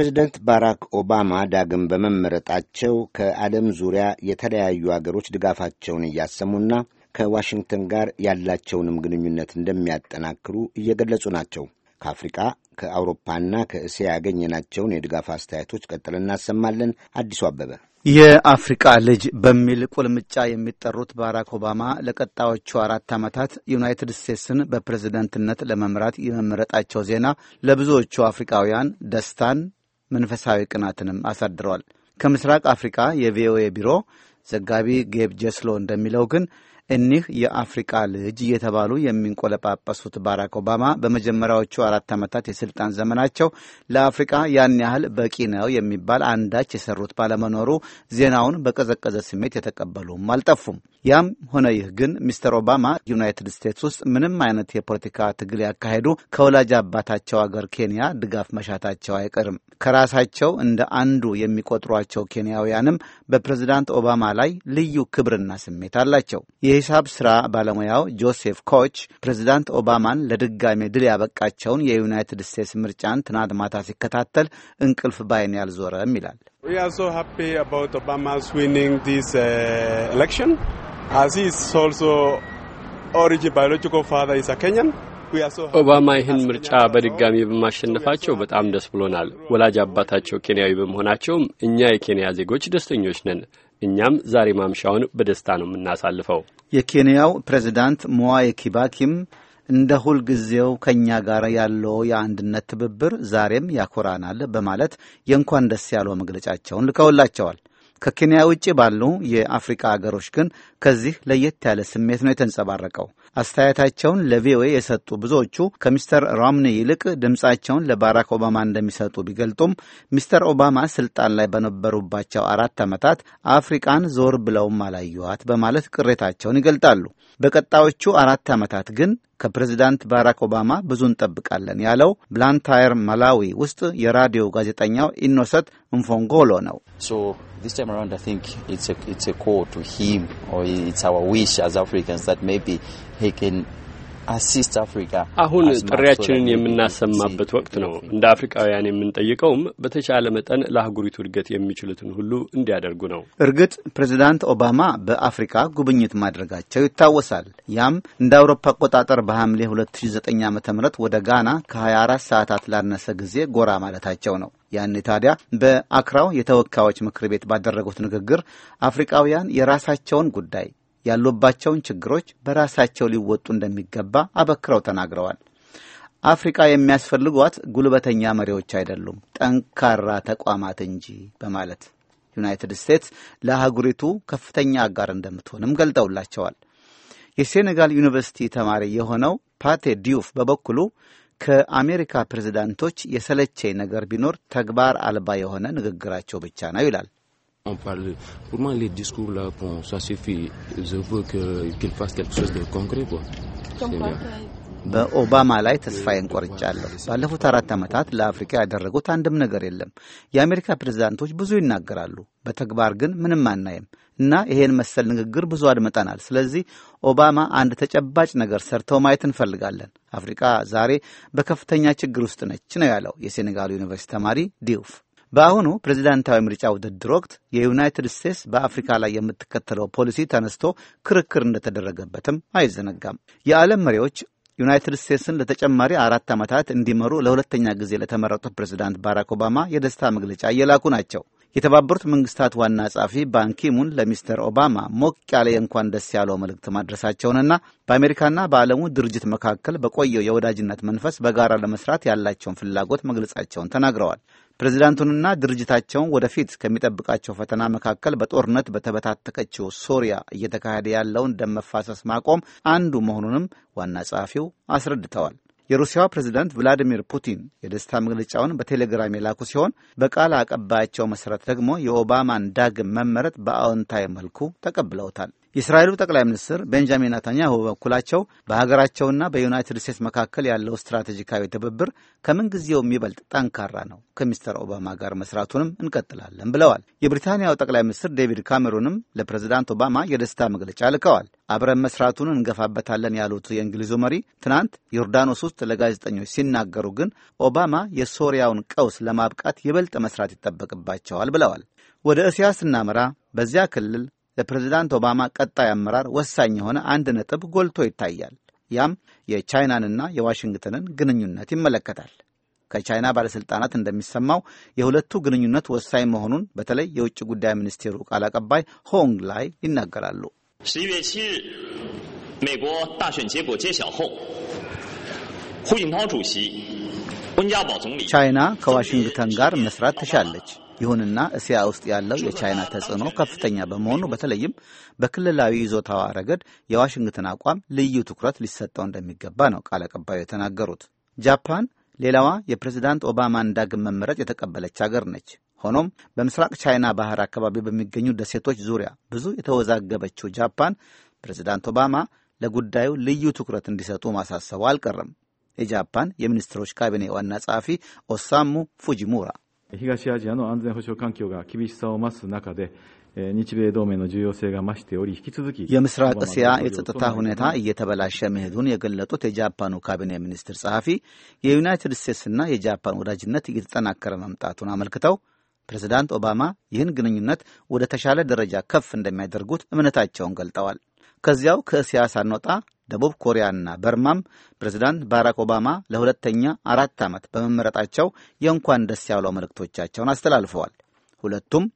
ፕሬዚደንት ባራክ ኦባማ ዳግም በመመረጣቸው ከዓለም ዙሪያ የተለያዩ አገሮች ድጋፋቸውን እያሰሙና ከዋሽንግተን ጋር ያላቸውንም ግንኙነት እንደሚያጠናክሩ እየገለጹ ናቸው። ከአፍሪቃ ከአውሮፓና ከእስያ ያገኘናቸውን የድጋፍ አስተያየቶች ቀጥለን እናሰማለን። አዲሱ አበበ የአፍሪቃ ልጅ በሚል ቁልምጫ የሚጠሩት ባራክ ኦባማ ለቀጣዮቹ አራት ዓመታት ዩናይትድ ስቴትስን በፕሬዝደንትነት ለመምራት የመመረጣቸው ዜና ለብዙዎቹ አፍሪካውያን ደስታን፣ መንፈሳዊ ቅናትንም አሳድረዋል። ከምስራቅ አፍሪካ የቪኦኤ ቢሮ ዘጋቢ ጌብ ጀስሎ እንደሚለው ግን እኒህ የአፍሪቃ ልጅ እየተባሉ የሚንቆለጳጳሱት ባራክ ኦባማ በመጀመሪያዎቹ አራት ዓመታት የስልጣን ዘመናቸው ለአፍሪቃ ያን ያህል በቂ ነው የሚባል አንዳች የሰሩት ባለመኖሩ ዜናውን በቀዘቀዘ ስሜት የተቀበሉም አልጠፉም። ያም ሆነ ይህ ግን ሚስተር ኦባማ ዩናይትድ ስቴትስ ውስጥ ምንም አይነት የፖለቲካ ትግል ያካሄዱ ከወላጅ አባታቸው አገር ኬንያ ድጋፍ መሻታቸው አይቀርም። ከራሳቸው እንደ አንዱ የሚቆጥሯቸው ኬንያውያንም በፕሬዚዳንት ኦባማ ላይ ልዩ ክብርና ስሜት አላቸው። የሂሳብ ሥራ ባለሙያው ጆሴፍ ኮች ፕሬዚዳንት ኦባማን ለድጋሜ ድል ያበቃቸውን የዩናይትድ ስቴትስ ምርጫን ትናንት ማታ ሲከታተል እንቅልፍ ባይን ያልዞረም ይላል። uh, ኦባማ ይህን ምርጫ በድጋሚ በማሸነፋቸው በጣም ደስ ብሎናል። ወላጅ አባታቸው ኬንያዊ በመሆናቸውም እኛ የኬንያ ዜጎች ደስተኞች ነን። እኛም ዛሬ ማምሻውን በደስታ ነው የምናሳልፈው። የኬንያው ፕሬዚዳንት ሞዋይ ኪባኪም እንደ ሁል ጊዜው ከእኛ ጋር ያለው የአንድነት ትብብር ዛሬም ያኮራናል በማለት የእንኳን ደስ ያለው መግለጫቸውን ልከውላቸዋል። ከኬንያ ውጭ ባሉ የአፍሪካ አገሮች ግን ከዚህ ለየት ያለ ስሜት ነው የተንጸባረቀው። አስተያየታቸውን ለቪኦኤ የሰጡ ብዙዎቹ ከሚስተር ሮምኒ ይልቅ ድምፃቸውን ለባራክ ኦባማ እንደሚሰጡ ቢገልጡም ሚስተር ኦባማ ስልጣን ላይ በነበሩባቸው አራት ዓመታት አፍሪቃን ዞር ብለውም አላዩዋት በማለት ቅሬታቸውን ይገልጣሉ። በቀጣዮቹ አራት ዓመታት ግን ከፕሬዚዳንት ባራክ ኦባማ ብዙ እንጠብቃለን ያለው ብላንታየር ማላዊ ውስጥ የራዲዮ ጋዜጠኛው ኢኖሰት እንፎንጎሎ ነው። አሁን ጥሪያችንን የምናሰማበት ወቅት ነው። እንደ አፍሪካውያን የምንጠይቀውም በተቻለ መጠን ለአህጉሪቱ እድገት የሚችሉትን ሁሉ እንዲያደርጉ ነው። እርግጥ ፕሬዚዳንት ኦባማ በአፍሪካ ጉብኝት ማድረጋቸው ይታወሳል። ያም እንደ አውሮፓ አቆጣጠር በሐምሌ 2009 ዓ ም ወደ ጋና ከ24 ሰዓታት ላነሰ ጊዜ ጎራ ማለታቸው ነው። ያኔ ታዲያ በአክራው የተወካዮች ምክር ቤት ባደረጉት ንግግር አፍሪካውያን የራሳቸውን ጉዳይ ያሉባቸውን ችግሮች በራሳቸው ሊወጡ እንደሚገባ አበክረው ተናግረዋል። አፍሪቃ የሚያስፈልጓት ጉልበተኛ መሪዎች አይደሉም፣ ጠንካራ ተቋማት እንጂ በማለት ዩናይትድ ስቴትስ ለአህጉሪቱ ከፍተኛ አጋር እንደምትሆንም ገልጠውላቸዋል። የሴኔጋል ዩኒቨርሲቲ ተማሪ የሆነው ፓቴ ዲዩፍ በበኩሉ ከአሜሪካ ፕሬዝዳንቶች የሰለቸኝ ነገር ቢኖር ተግባር አልባ የሆነ ንግግራቸው ብቻ ነው ይላል። on parle. Pour moi, les discours là, bon, ça suffit. Je veux qu'ils qu fassent quelque chose de concret, quoi. Euh, በኦባማ ላይ ተስፋዬን ቆርጫለሁ። ባለፉት አራት ዓመታት ለአፍሪካ ያደረጉት አንድም ነገር የለም። የአሜሪካ ፕሬዚዳንቶች ብዙ ይናገራሉ፣ በተግባር ግን ምንም አናይም እና ይሄን መሰል ንግግር ብዙ አድምጠናል። ስለዚህ ኦባማ አንድ ተጨባጭ ነገር ሰርተው ማየት እንፈልጋለን። አፍሪካ ዛሬ በከፍተኛ ችግር ውስጥ ነች ነው ያለው የሴኔጋሉ ዩኒቨርሲቲ ተማሪ ዲውፍ። በአሁኑ ፕሬዚዳንታዊ ምርጫ ውድድር ወቅት የዩናይትድ ስቴትስ በአፍሪካ ላይ የምትከተለው ፖሊሲ ተነስቶ ክርክር እንደተደረገበትም አይዘነጋም። የዓለም መሪዎች ዩናይትድ ስቴትስን ለተጨማሪ አራት ዓመታት እንዲመሩ ለሁለተኛ ጊዜ ለተመረጡት ፕሬዚዳንት ባራክ ኦባማ የደስታ መግለጫ እየላኩ ናቸው። የተባበሩት መንግስታት ዋና ጸሐፊ ባንኪሙን ለሚስተር ኦባማ ሞቅ ያለ የእንኳን ደስ ያለው መልእክት ማድረሳቸውንና በአሜሪካና በዓለሙ ድርጅት መካከል በቆየው የወዳጅነት መንፈስ በጋራ ለመስራት ያላቸውን ፍላጎት መግለጻቸውን ተናግረዋል። ፕሬዚዳንቱንና ድርጅታቸውን ወደፊት ከሚጠብቃቸው ፈተና መካከል በጦርነት በተበታተቀችው ሶሪያ እየተካሄደ ያለውን ደም መፋሰስ ማቆም አንዱ መሆኑንም ዋና ጸሐፊው አስረድተዋል። የሩሲያው ፕሬዚዳንት ቭላዲሚር ፑቲን የደስታ መግለጫውን በቴሌግራም የላኩ ሲሆን በቃል አቀባያቸው መሠረት ደግሞ የኦባማን ዳግም መመረጥ በአዎንታዊ መልኩ ተቀብለውታል። የእስራኤሉ ጠቅላይ ሚኒስትር ቤንጃሚን ናታንያሁ በበኩላቸው በሀገራቸውና በዩናይትድ ስቴትስ መካከል ያለው ስትራቴጂካዊ ትብብር ከምንጊዜው የሚበልጥ ጠንካራ ነው፣ ከሚስተር ኦባማ ጋር መስራቱንም እንቀጥላለን ብለዋል። የብሪታንያው ጠቅላይ ሚኒስትር ዴቪድ ካሜሩንም ለፕሬዚዳንት ኦባማ የደስታ መግለጫ ልከዋል። አብረን መስራቱን እንገፋበታለን ያሉት የእንግሊዙ መሪ ትናንት ዮርዳኖስ ውስጥ ለጋዜጠኞች ሲናገሩ ግን ኦባማ የሶሪያውን ቀውስ ለማብቃት ይበልጥ መስራት ይጠበቅባቸዋል ብለዋል። ወደ እስያ ስናመራ በዚያ ክልል ለፕሬዚዳንት ኦባማ ቀጣይ አመራር ወሳኝ የሆነ አንድ ነጥብ ጎልቶ ይታያል። ያም የቻይናንና የዋሽንግተንን ግንኙነት ይመለከታል። ከቻይና ባለሥልጣናት እንደሚሰማው የሁለቱ ግንኙነት ወሳኝ መሆኑን በተለይ የውጭ ጉዳይ ሚኒስቴሩ ቃል አቀባይ ሆንግ ላይ ይናገራሉ። ቻይና ከዋሽንግተን ጋር መስራት ትሻለች። ይሁንና እስያ ውስጥ ያለው የቻይና ተጽዕኖ ከፍተኛ በመሆኑ በተለይም በክልላዊ ይዞታዋ ረገድ የዋሽንግተን አቋም ልዩ ትኩረት ሊሰጠው እንደሚገባ ነው ቃል አቀባዩ የተናገሩት። ጃፓን ሌላዋ የፕሬዝዳንት ኦባማን ዳግም መመረጥ የተቀበለች አገር ነች። ሆኖም በምስራቅ ቻይና ባህር አካባቢ በሚገኙ ደሴቶች ዙሪያ ብዙ የተወዛገበችው ጃፓን ፕሬዝዳንት ኦባማ ለጉዳዩ ልዩ ትኩረት እንዲሰጡ ማሳሰቡ አልቀረም። የጃፓን የሚኒስትሮች ካቢኔ ዋና ጸሐፊ ኦሳሙ ፉጂሙራ 東アジアの安全保障環境が厳しさを増す中で、የምስራቅ እስያ የጸጥታ ሁኔታ እየተበላሸ መሄዱን የገለጡት የጃፓኑ ካቢኔ ሚኒስትር ጸሐፊ የዩናይትድ ስቴትስና የጃፓን ወዳጅነት እየተጠናከረ መምጣቱን አመልክተው ፕሬዚዳንት ኦባማ ይህን ግንኙነት ወደ ተሻለ ደረጃ ከፍ እንደሚያደርጉት እምነታቸውን ገልጠዋል። ከዚያው ከእስያ ሳንወጣ ደቡብ ኮሪያና በርማም ፕሬዚዳንት ባራክ ኦባማ ለሁለተኛ አራት ዓመት በመመረጣቸው የእንኳን ደስ ያለው መልእክቶቻቸውን አስተላልፈዋል። ሁለቱም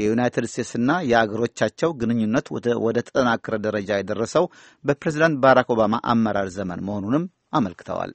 የዩናይትድ ስቴትስና የአገሮቻቸው ግንኙነት ወደ ተጠናከረ ደረጃ የደረሰው በፕሬዚዳንት ባራክ ኦባማ አመራር ዘመን መሆኑንም አመልክተዋል።